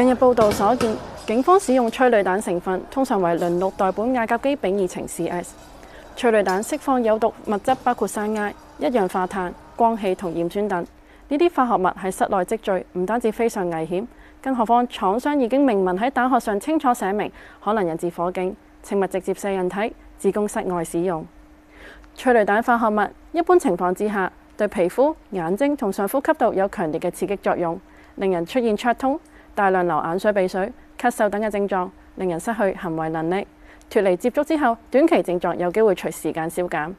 近日報道所見，警方使用催淚彈成分，通常為鄰氯代苯亞甲基丙二腈 （CS）。催淚彈釋放有毒物質，包括山埃、一氧化碳、光氣同鹽酸等。呢啲化學物喺室內積聚，唔單止非常危險，更何況廠商已經明文喺彈殼上清楚寫明，可能引致火警，請勿直接射人體，只供室外使用。催淚彈化學物一般情況之下，對皮膚、眼睛同上呼吸道有強烈嘅刺激作用，令人出現灼痛。大量流眼水、鼻水、咳嗽等嘅症狀，令人失去行為能力。脫離接觸之後，短期症狀有機會隨時間消減。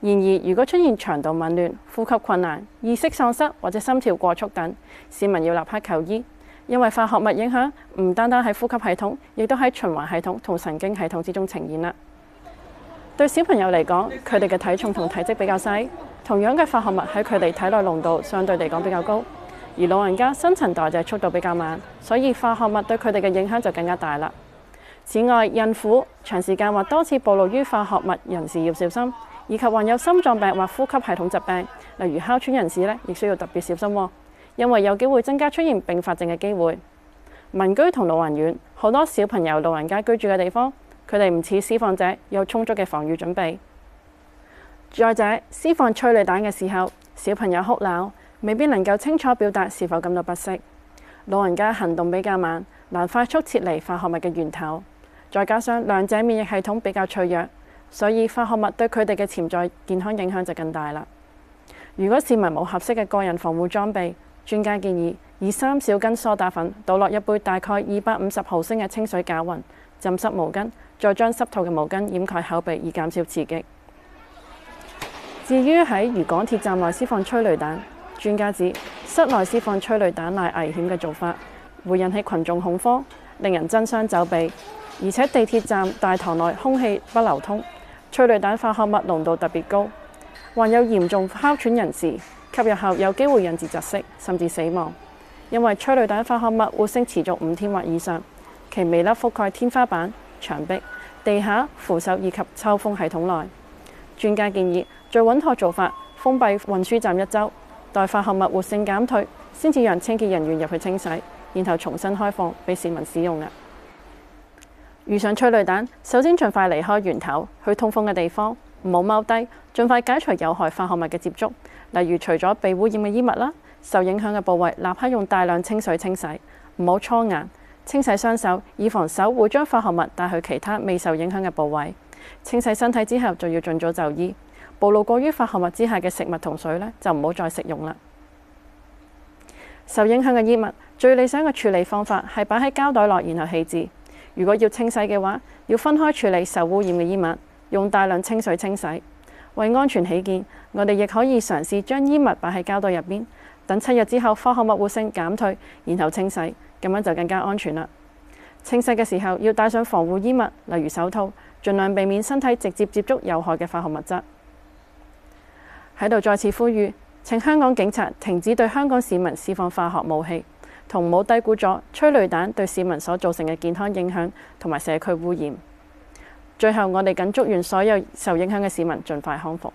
然而，如果出現腸道紊亂、呼吸困難、意識喪失或者心跳過速等，市民要立刻求醫，因為化學物影響唔單單喺呼吸系統，亦都喺循環系統同神經系統之中呈現啦。對小朋友嚟講，佢哋嘅體重同體積比較細，同樣嘅化學物喺佢哋體內濃度相對嚟講比較高。而老人家新陳代謝速度比較慢，所以化學物對佢哋嘅影響就更加大啦。此外，孕婦長時間或多次暴露於化學物人士要小心；以及患有心臟病或呼吸系統疾病，例如哮喘人士呢亦需要特別小心喎，因為有機會增加出現併發症嘅機會。民居同老人院好多小朋友、老人家居住嘅地方，佢哋唔似施放者有充足嘅防禦準備。再者，施放催淚彈嘅時候，小朋友哭鬧。未必能夠清楚表達是否感到不適。老人家行動比較慢，難快速撤離化學物嘅源頭，再加上兩者免疫系統比較脆弱，所以化學物對佢哋嘅潛在健康影響就更大啦。如果市民冇合適嘅個人防護裝備，專家建議以三小根梳打粉倒落一杯大概二百五十毫升嘅清水攪勻，浸濕毛巾，再將濕透嘅毛巾掩蓋口鼻以減少刺激。至於喺如港鐵站內施放催淚彈。專家指，室內釋放催淚彈乃危險嘅做法，會引起群眾恐慌，令人爭相走避。而且地鐵站大堂內空氣不流通，催淚彈化學物濃度特別高，患有嚴重哮喘人士吸入後有機會引致窒息，甚至死亡。因為催淚彈化學物活性持續五天或以上，其微粒覆蓋天花板、牆壁、地下扶手以及抽風系統內。專家建議最穩妥做法，封閉運輸站一周。待化學物活性減退，先至讓清潔人員入去清洗，然後重新開放俾市民使用。遇上催淚彈，首先盡快離開源頭，去通風嘅地方，唔好踎低，盡快解除有害化學物嘅接觸，例如除咗被污染嘅衣物啦，受影響嘅部位立刻用大量清水清洗，唔好搓眼，清洗雙手，以防手會將化學物帶去其他未受影響嘅部位。清洗身體之後，就要盡早就醫。暴露過於化學物之下嘅食物同水呢，就唔好再食用啦。受影響嘅衣物最理想嘅處理方法係擺喺膠袋內，然後棄置。如果要清洗嘅話，要分開處理受污染嘅衣物，用大量清水清洗。為安全起見，我哋亦可以嘗試將衣物擺喺膠袋入邊，等七日之後化學物活性減退，然後清洗，咁樣就更加安全啦。清洗嘅時候要戴上防護衣物，例如手套，盡量避免身體直接接觸有害嘅化學物質。喺度再次呼籲，請香港警察停止對香港市民釋放化學武器，同唔好低估咗催淚彈對市民所造成嘅健康影響同埋社區污染。最後，我哋謹祝願所有受影響嘅市民盡快康復。